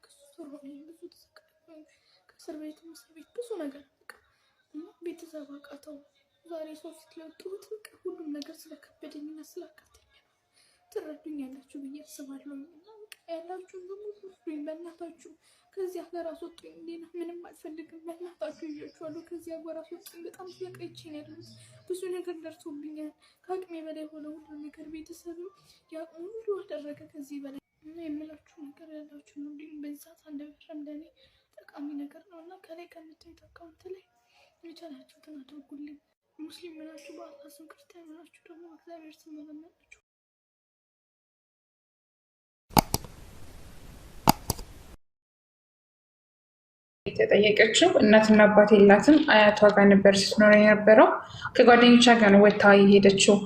ብዙ ከእስር ቤት እስር ቤት ብዙ ነገር ቤተሰብ አቃተው። ዛሬ ሰው ፊት ለውጡት በቃ ሁሉም ነገር ስለከበደኝ እና ስላቃተኝ ትረዱኛላችሁ ብዬ አስባለሁ። እና በቃ ያላችሁን በሙሉ ስጡኝ፣ በእናታችሁ ከዚያ ሀገር አስወጡኝ። ሌላ ምንም አልፈልግም፣ በእናታችሁ እያችኋለሁ። ከዚያ ሀገር አስወጡኝ። በጣም ተሰቃይቼ ነው ብዙ ነገር ደርሶብኛል። ከአቅሜ በላይ ሆነ ሁሉ ነገር ቤተሰብም የአቅሙን ሁሉ አደረገ ከዚህ በላይ እና የምላችሁ ነገር ያላችሁ ነው። እንዲሁም በዚህ ሰዓት አንደበሻ እንደኔ ጠቃሚ ነገር ነው እና ከላይ ከምታዩት አካውንት ላይ የቻላችሁትን አድርጉልኝ። ሙስሊም ምናችሁ በአላህ ስም ክርስቲያን ምናችሁ ደግሞ እግዚአብሔር ስም መለመናችሁ የተጠየቀችው እናትና አባት የላትም። አያቷ ጋር ነበር ስትኖር የነበረው። ከጓደኞቿ ጋር ነው ወታ የሄደችው።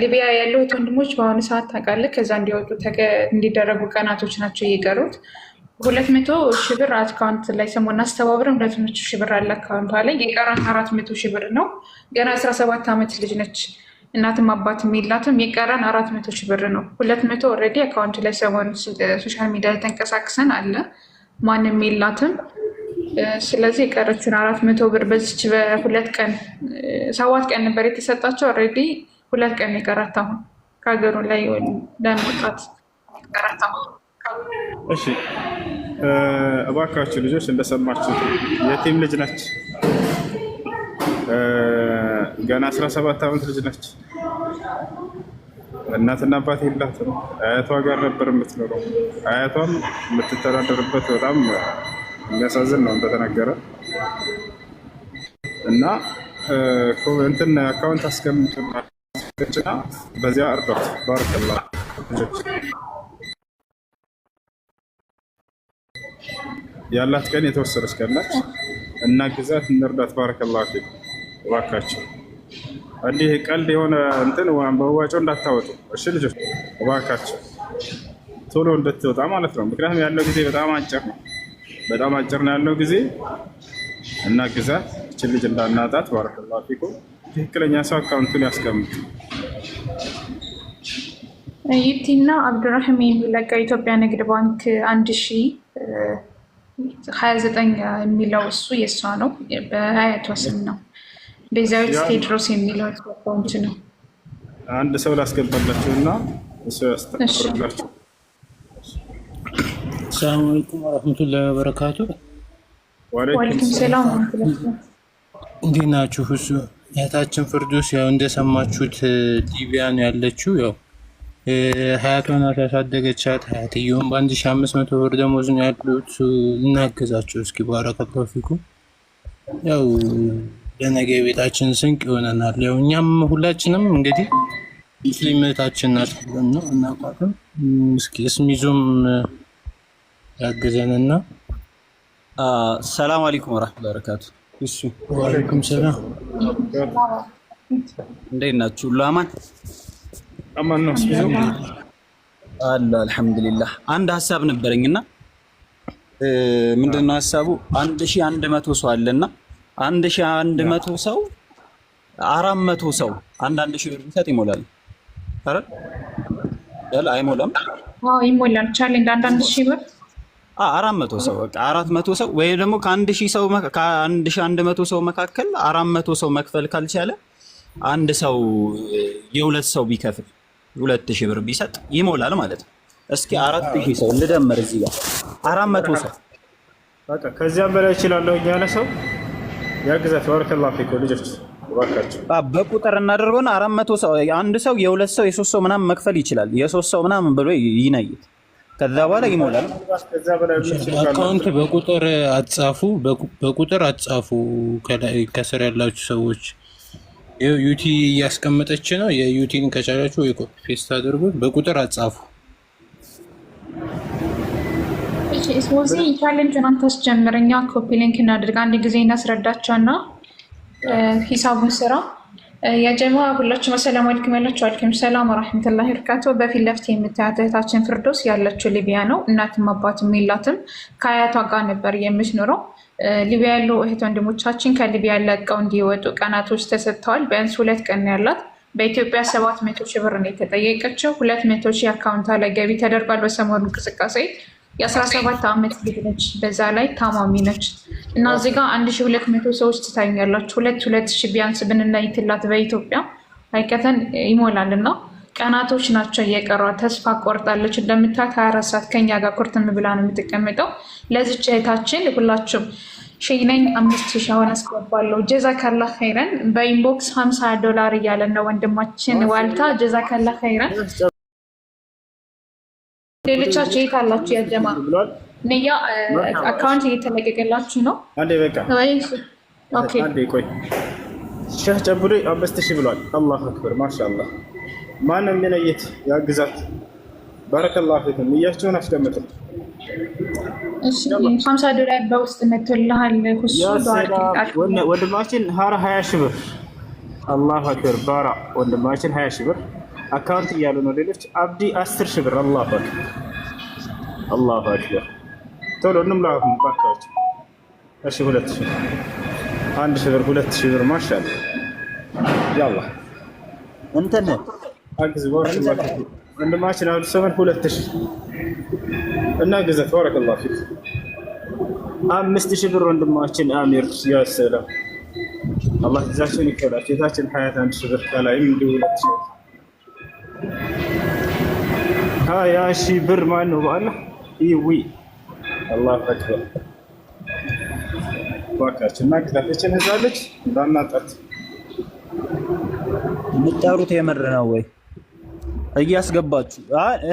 ሊቢያ ያለሁት ወንድሞች በአሁኑ ሰዓት ታውቃለህ፣ ከዛ እንዲወጡ እንዲደረጉ ቀናቶች ናቸው እየቀሩት። ሁለት መቶ ሺህ ብር አካውንት ላይ ሰሞኑን አስተባብረን ሁለት መቶ ሺህ ብር አለ አካውንቷ ላይ የቀራት አራት መቶ ሺህ ብር ነው። ገና አስራ ሰባት ዓመት ልጅ ነች። እናትም አባትም የላትም። የቀረን አራት መቶ ሺህ ብር ነው። ሁለት መቶ ኦልሬዲ አካውንት ላይ ሰሞኑን ሶሻል ሚዲያ ላይ ተንቀሳቅሰን አለ ማንም የላትም ስለዚህ የቀረችውን አራት መቶ ብር በዚች በሁለት ቀን ሰባት ቀን ነበር የተሰጣቸው። ኦልሬዲ ሁለት ቀን የቀራት አሁን ከሀገሩ ላይ ለመውጣት ቀራት። እሺ እባካችሁ ልጆች እንደሰማችሁ የቲም ልጅ ነች። ገና ሰባት ዓመት ልጅ ነች። እናትና አባት የላትም። አያቷ ጋር ነበር የምትኖረው። አያቷም የምትተዳደርበት በጣም የሚያሳዝን ነው እንደተነገረ እና እንትን አካውንት አስቀምጥና በዚያ እርዳት ባርቅላ ያላት ቀን የተወሰነች ቀን እና ግዛት እንርዳት። ባረከላ ፊ እባካቸው፣ እንዲህ ቀልድ የሆነ እንትን በዋጮ እንዳታወጡ እሺ ልጆች፣ እባካቸው ቶሎ እንድትወጣ ማለት ነው። ምክንያቱም ያለው ጊዜ በጣም አጭር ነው። በጣም አጭር ነው ያለው ጊዜ እና ግዛት እችን ልጅ እንዳናጣት። ባረከላሁ ፊኩም። ትክክለኛ ሰው አካውንቱን ያስቀምጡ። ይቲና አብዱራህም የሚለቀ ኢትዮጵያ ንግድ ባንክ አንድ ሺ ሀያ ዘጠኝ የሚለው እሱ የእሷ ነው። በአያቷ ስም ነው። ቤዛዊት ቴድሮስ የሚለው አካውንት ነው። አንድ ሰው ላስገባላችሁ እና እሱ ያስጠላቸው ሰላም አለይኩም ወረህመቱላሂ ወበረካቱ። ወአለይኩም ሰላም። እንዴት ናችሁ? ሁሱ እህታችን ፍርዱስ ያው እንደሰማችሁት ሊቢያ ነው ያለችው። ያው ሀያቷ ናት ያሳደገቻት። ሀያትየውን በአንድ ሺህ አምስት መቶ ብር ደሞዝ ነው ያሉት። እናገዛቸው እስኪ ባረከላሁ ፊኩም። ያው ለነገ ቤታችን ስንቅ ይሆነናል። ያው እኛም ሁላችንም እንግዲህ ሙስሊም እህታችን ናት ነው እናቋትም እስኪ እስሚዞም ያግዘንና ሰላም አለይኩም ወራህመቱላሂ ወበረካቱ። እሱ ወአለይኩም ሰላም እንዴት ናችሁ? ሁሉ አማን አማን ነው አለ አልሐምዱሊላህ። አንድ ሀሳብ ነበረኝና ምንድነው ሀሳቡ? አንድ ሺህ አንድ መቶ ሰው አለና አንድ ሺህ አንድ መቶ ሰው አራት መቶ ሰው አንዳንድ ሺህ ብር ቢሰጥ ይሞላል። ኧረ አይሞላም? አዎ ይሞላል። ቻሌንጅ አንዳንድ ሺህ ብር አራት መቶ ሰው አራት መቶ ሰው ወይ ደግሞ ከአንድ ሺህ ሰው ከአንድ ሺህ አንድ መቶ ሰው መካከል አራት መቶ ሰው መክፈል ካልቻለ አንድ ሰው የሁለት ሰው ቢከፍል ሁለት ሺህ ብር ቢሰጥ ይሞላል ማለት ነው። እስኪ አራት ሺህ ሰው ልደምር እዚህ ጋር አራት መቶ ሰው በቃ ከዚያም በላይ ይችላለሁ ያለ ሰው ያግዛት። ባረከላሁ ፊኩም ልጆች በቁጥር እናደርገውና አራት መቶ ሰው አንድ ሰው የሁለት ሰው የሶስት ሰው ምናምን መክፈል ይችላል። የሶስት ሰው ምናምን ብሎ ይነይት ከዛ በኋላ ይሞላል። አካውንት በቁጥር አትጻፉ፣ በቁጥር አጻፉ። ከስር ያላችሁ ሰዎች ዩቲ እያስቀመጠች ነው። የዩቲን ከቻላችሁ ወይ ኮፒ ፔስት አድርጉት። በቁጥር አጻፉ። ስለዚህ ቻሌንጅ ናንተ አስጀምረኛ ኮፒ ሊንክ እናድርግ። አንድ ጊዜ እናስረዳቸውና ሂሳቡን ስራ የጀማ ሁላችሁ መሰላም አለይኩም ያላችሁ አለይኩም ሰላም ወራህመቱላሂ ወበረካቱ። በፊት ለፊት የምታያት እህታችን ፍርዶስ ያለችው ሊቢያ ነው። እናትም አባትም የላትም። ከአያቷ ጋር ነበር የምትኖረው። ሊቢያ ያለው እህት ወንድሞቻችን ከሊቢያ ለቀው እንዲወጡ ቀናቶች ተሰጥተዋል። ቢያንስ ሁለት ቀን ያላት በኢትዮጵያ ሰባት መቶ ሺህ ብር ነው የተጠየቀችው። ሁለት መቶ ሺህ አካውንቷ ላይ ገቢ ተደርጓል። በሰሞኑ እንቅስቃሴ የአስራ ሰባት ዓመት ልጅ ነች። በዛ ላይ ታማሚ ነች እና እዚህ ጋር አንድ ሺ ሁለት መቶ ሰዎች ትታኛላችሁ። ሁለት ሁለት ሺ ቢያንስ ብንለይትላት በኢትዮጵያ አይቀተን ይሞላል እና ቀናቶች ናቸው እየቀሯ ተስፋ ቆርጣለች። እንደምታዩት ሀያ አራት ሰዓት ከኛ ጋር ኩርትም ብላ ነው የምትቀመጠው። ለዚች እህታችን ሁላችሁም ሽነኝ አምስት ሺ አሁን አስገባለሁ። ጀዛካላ ኸይረን በኢንቦክስ ሀምሳ ዶላር እያለን ነው ወንድማችን ዋልታ ጀዛካላ ኸይረን ሌሎቻችሁ የት አላችሁ? ያጀማ ንያ አካውንት እየተለቀቀላችሁ ነው። አንዴ በቃ አንዴ ቆይ። ሸህ ጨምሮ አምስት ሺህ ብሏል። አላሁ አክበር ማሻአላህ። ማንም የሚነየት ያግዛት። ባረከላሁ ፊኩም። እያቸውን አስደምጡ። ሀምሳ ዶላር በውስጥ መቶልሃል። ወንድማችን ሀያ ሺህ ብር አላሁ አክበር ባራ ወንድማችን ሀያ ሺህ ብር አካውንት እያሉ ነው ሌሎች። አብዲ አስር ሺህ ብር አላሁ አክበር፣ አላሁ አክበር። ቶሎ እንምላ ባካዎች። እሺ ሁለት ሺህ አንድ ሺህ ብር ሁለት ሺህ ብር ማሻል ያላ እንትን አግዝ ወርሽ ወንድማችን አሉ ሰመን ሁለት ሺህ እና ግዘት ባረከላሁ ፊክ አምስት ሺህ ብር ወንድማችን አሚር ያሰላ አላህ ትዛችን ይከላችሁ። የታችን ሀያት አንድ ሺህ ብር ከላይም እንዲሁ ሁለት ሺህ ሀያ ሺህ ብር ማን ነው ባለ ይዊ አላህ አክበር ባካችን እና ግዛለችን ህዛለች እንዳናጣት የምጠሩት የምር ነው ወይ እያስገባችሁ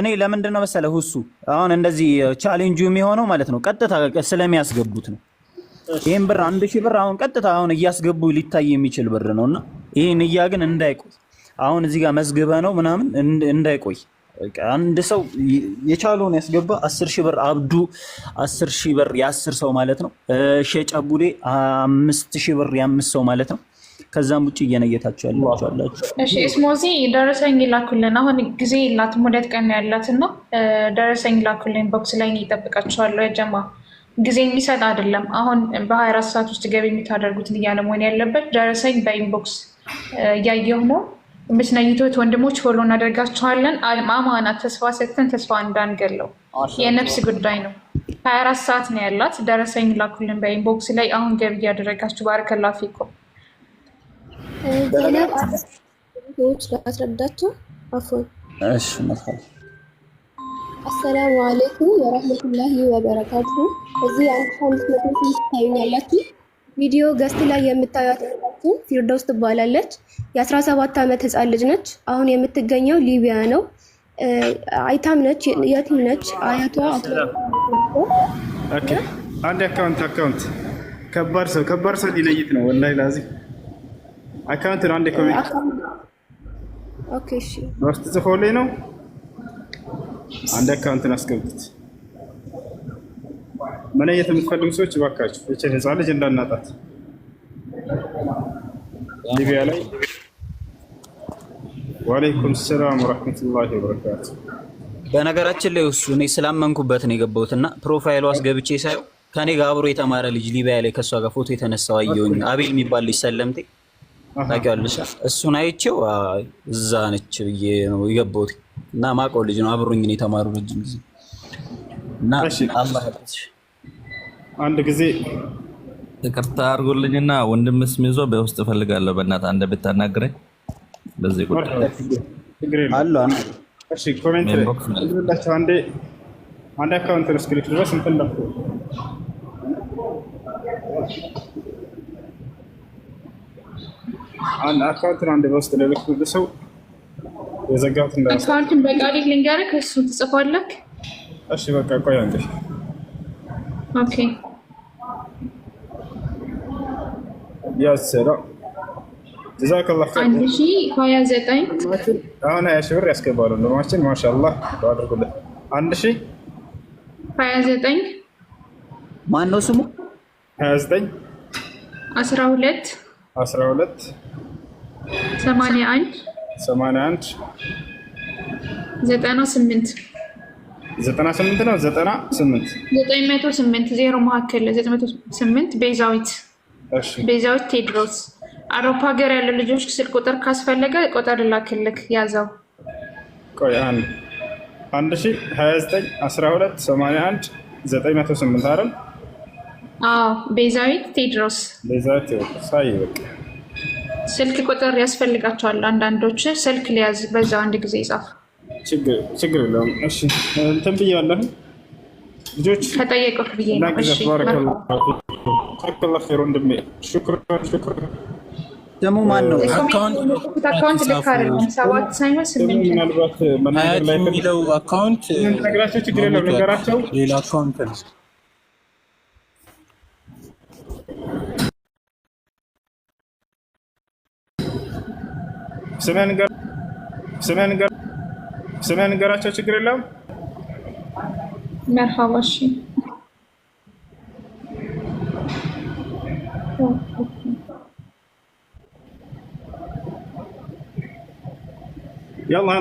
እኔ ለምንድን ነው መሰለህ ሁሱ አሁን እንደዚህ ቻሌንጁ የሚሆነው ማለት ነው ቀጥታ ስለሚያስገቡት ነው ይህን ብር አንድ ሺህ ብር አሁን ቀጥታ አሁን እያስገቡ ሊታይ የሚችል ብር ነው እና ይህን እያ ግን እንዳይቆይ አሁን እዚህ ጋር መዝግበ ነው ምናምን እንዳይቆይ አንድ ሰው የቻለውን ያስገባ። አስር ሺህ ብር አብዱ አስር ሺህ ብር የአስር ሰው ማለት ነው። ሸጫቡሌ አምስት ሺህ ብር የአምስት ሰው ማለት ነው። ከዛም ውጭ እየነየታችሁ ያላችሁ አላችሁ። እሺ እስሞዚ ደረሰኝ ይላኩልን። አሁን ጊዜ የላትም ሁለት ቀን ያላትን ነው። ደረሰኝ ይላኩልን። ቦክስ ላይ ይጠብቃችኋለሁ። የጀማ ጊዜ የሚሰጥ አይደለም። አሁን በ24 ሰዓት ውስጥ ገቢ የምታደርጉትን እያለ መሆን ያለበት ደረሰኝ በኢንቦክስ እያየሁ ነው። የምትነይቶት ወንድሞች ፎሎ እናደርጋቸዋለን። አማና ተስፋ ሰጥተን ተስፋ እንዳንገለው የነፍስ ጉዳይ ነው። ሀያ አራት ሰዓት ነው ያላት። ደረሰኝ ላኩልን በኢንቦክስ ላይ አሁን ገብ እያደረጋችሁ ባረከላ ፊኮ ላስረዳቸው። አሰላሙ አሌይኩም ወረህመቱላሂ ወበረካቱ። እዚህ አንድ ሳምንት መት ታዩኛላችሁ ቪዲዮ ገስት ላይ የምታዩት እህታችን ፊርዶስ ትባላለች። የ17 ዓመት ህፃን ልጅ ነች። አሁን የምትገኘው ሊቢያ ነው። አይታም ነች፣ የቲም ነች። አያቷ አንድ አካውንት አካውንት ከባድ ሰው ከባድ ሰው ሊለይት ነው። ወላሂ ላዚ አካውንት ነው። አንድ ኮሜንት ኦኬ፣ እሺ፣ ጽፎልኝ ነው። አንድ አካውንትን አስገብቱት መለየት የምትፈልጉ ሰዎች እባካችሁ እችን ህፃን ልጅ እንዳናጣት ሊቢያ ላይ። ወአለይኩም ሰላም ወረሕመቱላሂ ወበረካቱ። በነገራችን ላይ እሱ እኔ ስላመንኩበት ነው የገባሁት እና ፕሮፋይሉ አስገብቼ ሳየው ከኔ ጋር አብሮ የተማረ ልጅ ሊቢያ ላይ ከእሷ ጋር ፎቶ የተነሳው አየሁኝ። አቤል የሚባል ልጅ ሰለምቴ ታውቂዋለሽ? እሱን አይቼው እዛ ነች ብዬ ነው የገባሁት እና ማውቀው ልጅ ነው አብሮኝ የተማሩ ረጅም ጊዜ እና አላህ አንድ ጊዜ ይቅርታ አድርጎልኝና ወንድም ስም ይዞ በውስጥ እፈልጋለሁ። በእናት አንድ ብታናግረኝ በዚህ ጉዳይ አንድ አካውንትን አንድ በውስጥ ለልክ ሰው አካውንትን በቃሌ ልንገርህ፣ እሱን ትጽፋለህ። እሺ በቃ ቆይ አንዴ ኦኬ ያሰራው ጀዛከላህ ኸይር። አንድ ሺህ ሀያ ዘጠኝ አሁን ሀያ ሺህ ብር ያስገባሉ። ወንድማችን ማሻአላህ አድርጉለት። አንድ ሺህ ሀያ ዘጠኝ ማን ነው ስሙ? ሀያ ዘጠኝ አስራ ሁለት አስራ ሁለት ሰማንያ አንድ ሰማንያ አንድ ዘጠና ስምንት ዘጠና ስምንት ነው። ዘጠና ስምንት ዘጠኝ መቶ ስምንት ዜሮ መካከል ዘጠኝ መቶ ስምንት ቤዛዊት ቤዛዎች ቴድሮስ አውሮፓ ሀገር ያለ ልጆች ስልክ ቁጥር ካስፈለገ ቁጥር ላክልክ ያዘው። ቆይ አንድ አንድ ሺ ሀያ ዘጠኝ አስራ ሁለት ሰማንያ አንድ ዘጠኝ መቶ ስምንት አይደል? አዎ ቤዛዊት ቴድሮስ ቤዛዊት ቴድሮስ። አይ በቃ ስልክ ቁጥር ያስፈልጋቸዋል አንዳንዶች። ስልክ ሊያዝ በዛው አንድ ጊዜ ይጻፍ፣ ችግር የለውም። እሺ እንትን ብያለሁ ልጆች ከጠየቁት ብዬ ነው። እሺ ጀዛከላ ኸይር ወንድሜ። ሽኩራን ሽኩራን። ደግሞ ማን ነው ምናልባት መናገር ላይ የሚለው አካውንት ነግራቸው ችግር የለም ነገራቸው ሌላ አካውንት ነው። ስምህን ንገራቸው ችግር የለም። መርሃባ እሺ ያላ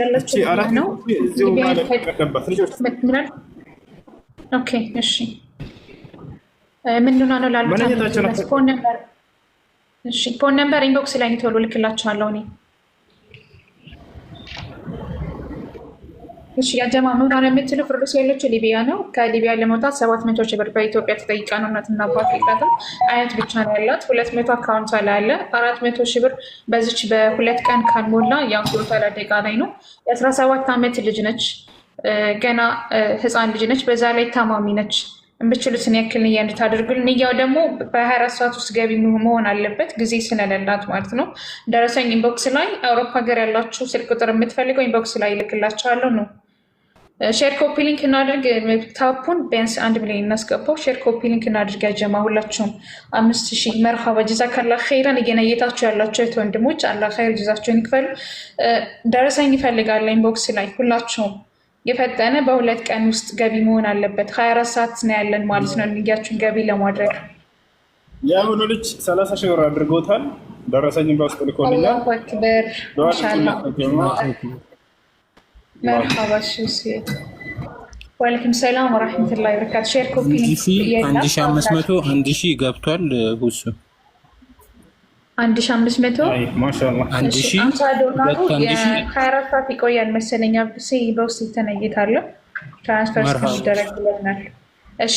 ያላ እስቲ ምንድን ነው ላሉት ፎን ነምበር ኢንቦክስ ላይ ቶሎ ልክላችኋለሁ እኔ እሺ ያጀማመሩ ነው የምትሉ ፍርዱስ ያለች ሊቢያ ነው። ከሊቢያ ለመውጣት ሰባት መቶ ሺህ ብር በኢትዮጵያ ተጠይቃ ነው። እናትና አባት የላትም፣ አያት ብቻ ነው ያላት። ሁለት መቶ አካውንቷ ላይ አለ። አራት መቶ ሺህ ብር በዚች በሁለት ቀን ካልሞላ ያው ህይወቷ አደጋ ላይ ነው። የአስራ ሰባት ዓመት ልጅ ነች። ገና ህፃን ልጅ ነች። በዛ ላይ ታማሚ ነች። የምችሉትን ያክል ንያ እንድታደርጉልን። ንያው ደግሞ በሀያ አራት ሰዓት ውስጥ ገቢ መሆን አለበት ጊዜ ስለሌላት ማለት ነው። ደረሰኝ ኢንቦክስ ላይ አውሮፓ ሀገር ያላችሁ ስልክ ቁጥር የምትፈልገው ኢንቦክስ ላይ ይልክላቸዋለሁ ነው ሼር ኮፒ ሊንክ እናድርግ። ታፑን ቢያንስ አንድ ሚሊዮን እናስገባው። ሼር ኮፒ ሊንክ እናድርግ። ያጀማ ሁላችሁም አምስት ሺህ መርሃባ ጀዛ ከላ ኸይረን እየነየታችሁ ያላቸው የት ወንድሞች አላ ኸይር ጀዛቸውን ይክፈሉ። ደረሰኝ ይፈልጋለ ኢንቦክስ ላይ ሁላችሁም የፈጠነ በሁለት ቀን ውስጥ ገቢ መሆን አለበት። ሀያ አራት ሰዓት ነው ያለን ማለት ነው ንያችን ገቢ ለማድረግ የአሁኑ ልጅ ሰላሳ ሺህ ብር አድርጎታል። ደረሰኝ በውስጥ ልኮልኛል። አላሁ አክበር ኢንሻላህ መርሀባሽ ዋለይኩም ሰላም ወራህመቱላሂ ወበረካቱ። ሼር ኮፒ አንድ ሺህ አምስት መቶ አንድ ሺህ ገብቷል። ሁሱ አንድ ሺህ አምስት መቶ አንድ ሺህ ዶላሩ ከአራት ሰዓት ይቆያል መሰለኝ። አብሴ በውስጥ ይተነይታለሁ ትራንስፈር እስከሚደረግ ብለውናል። እሺ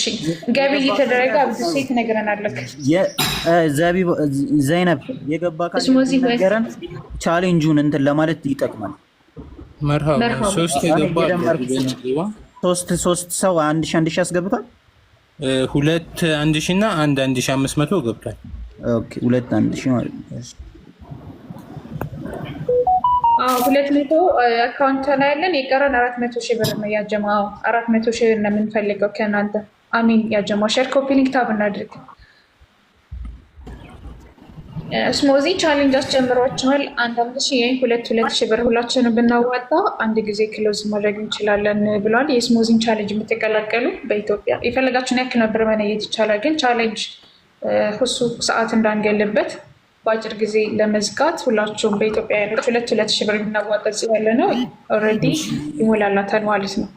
ገቢ እየተደረገ አብዱሴ ትነግረናለህ። ዘይነብ የገባ ካለ ቻሌንጁን እንትን ለማለት ይጠቅማል። ሶስት ሶስት ሰው አንድ ሺ አንድ ሺ አስገብቷል። ሁለት አንድ ሺ እና አንድ አንድ ሺ አምስት መቶ ገብቷል። ሁለት አንድ ሺ ማለት ነው። ሁለት መቶ አካውንት ላይ ያለን የቀረን አራት መቶ ሺ ብር ነው ያጀማ። አራት መቶ ሺ ብር ነው የምንፈልገው ከእናንተ አሚን። ያጀማ ሸር ኮፒ ሊንክ ታብ እናድርግ። ስሞዚ ቻሌንጅ አስጀምሯችኋል። አንዳንድ ሺ ሁለት ሁለት ሺ ብር ሁላችንም ብናዋጣ አንድ ጊዜ ክሎዝ ማድረግ እንችላለን ብሏል። የስሞዚን ቻሌንጅ የምትቀላቀሉ በኢትዮጵያ የፈለጋችሁን ያክል ነበር መነየት ይቻላል። ግን ቻሌንጅ ሁሱ ሰዓት እንዳንገልበት በአጭር ጊዜ ለመዝጋት ሁላችሁም በኢትዮጵያ ያኖች ሁለት ሁለት ሺ ብር ብናዋጣ ያለ ነው ኦልሬዲ ይሞላላታል ማለት ነው።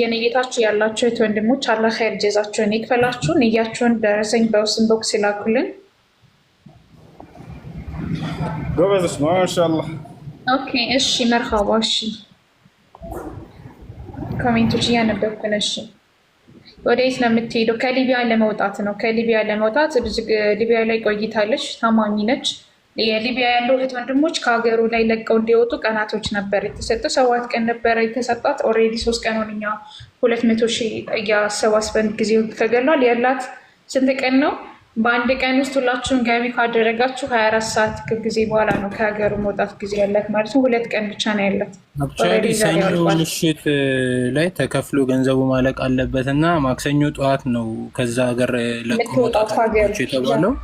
የነጌታችሁ የት ወንድሞች አላህ ኸይር ጀዛችሁን ይክፈላችሁ። ንያችሁን ደረሰኝ በውስን ቦክስ ይላኩልን። ጎበዝሽ ማሻአላህ። ኦኬ እሺ፣ መርሃባ። እሺ፣ ኮሜንቶች እያነበብኩ ነው። እሺ፣ ወደየት ነው የምትሄደው? ከሊቢያ ለመውጣት ነው። ከሊቢያ ለመውጣት ብዙ ሊቢያ ላይ ቆይታለች። ታማሚ ነች። የሊቢያ ያሉ እህት ወንድሞች ከሀገሩ ላይ ለቀው እንዲወጡ ቀናቶች ነበር የተሰጡ። ሰባት ቀን ነበረ የተሰጣት። ኦልሬዲ ሶስት ቀን ሆንኛ ሁለት መቶ ሺህ እያሰባስበን ጊዜ ተገሏል። ያላት ስንት ቀን ነው? በአንድ ቀን ውስጥ ሁላችሁን ገቢ ካደረጋችሁ ሀያ አራት ሰዓት ጊዜ በኋላ ነው ከሀገሩ መውጣት ጊዜ ያላት ማለት ነው። ሁለት ቀን ብቻ ነው ያላት። ሰኞ ምሽት ላይ ተከፍሎ ገንዘቡ ማለቅ አለበት እና ማክሰኞ ጠዋት ነው ከዛ ሀገር ለቆ መውጣት የተባለው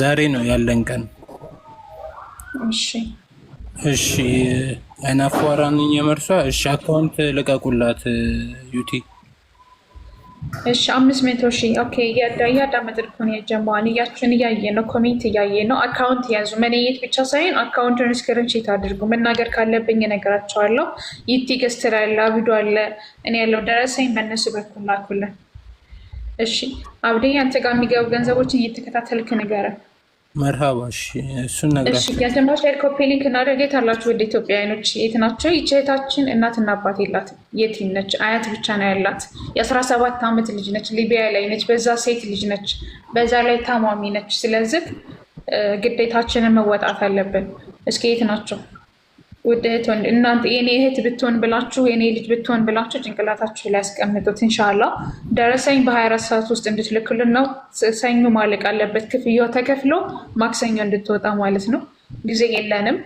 ዛሬ ነው ያለን ቀን። እሺ እሺ። አይናፏራን የመርሷ እሺ። አካውንት ልቀቁላት ዩቲ እሺ አምስት መቶ ሺ ኦኬ። እያዳመጥን እኮ ነው የጀመረው። እያችን እያየ ነው፣ ኮሜንት እያየ ነው። አካውንት ያዙ። መንየት ብቻ ሳይሆን አካውንቱን ስክሪንሺት አድርጉ። መናገር ካለብኝ እነግራቸዋለሁ። ይት ገዝት ላይ አለ አለ እኔ ያለው ደረሰኝ በእነሱ በኩል ላኩልን። እሺ አብዴ አንተ ጋር የሚገቡ ገንዘቦችን እየተከታተልክ ንገረን። መርሃባ እሱን ነገር የትናሽ ኮፒ ሊንክ እናደርጌት አላችሁ። ወደ ኢትዮጵያውያኖች የት ናቸው? ይህች እህታችን እናትና አባት የላትም። የቲም ነች፣ አያት ብቻ ነው ያላት። የአስራ ሰባት ዓመት ልጅ ነች፣ ሊቢያ ላይ ነች። በዛ ሴት ልጅ ነች፣ በዛ ላይ ታማሚ ነች። ስለዚህ ግዴታችንን መወጣት አለብን። እስኪ የት ናቸው? ውድ ወንድ እናንተ የኔ እህት ብትሆን ብላችሁ የኔ ልጅ ብትሆን ብላችሁ ጭንቅላታችሁ ላይ ያስቀምጡት። እንሻላ ደረሰኝ በ ሰዓት ውስጥ እንድትልክልን ነው። ሰኞ ማለቅ አለበት። ክፍያው ተከፍሎ ማክሰኞ እንድትወጣ ማለት ነው። ጊዜ የለንም።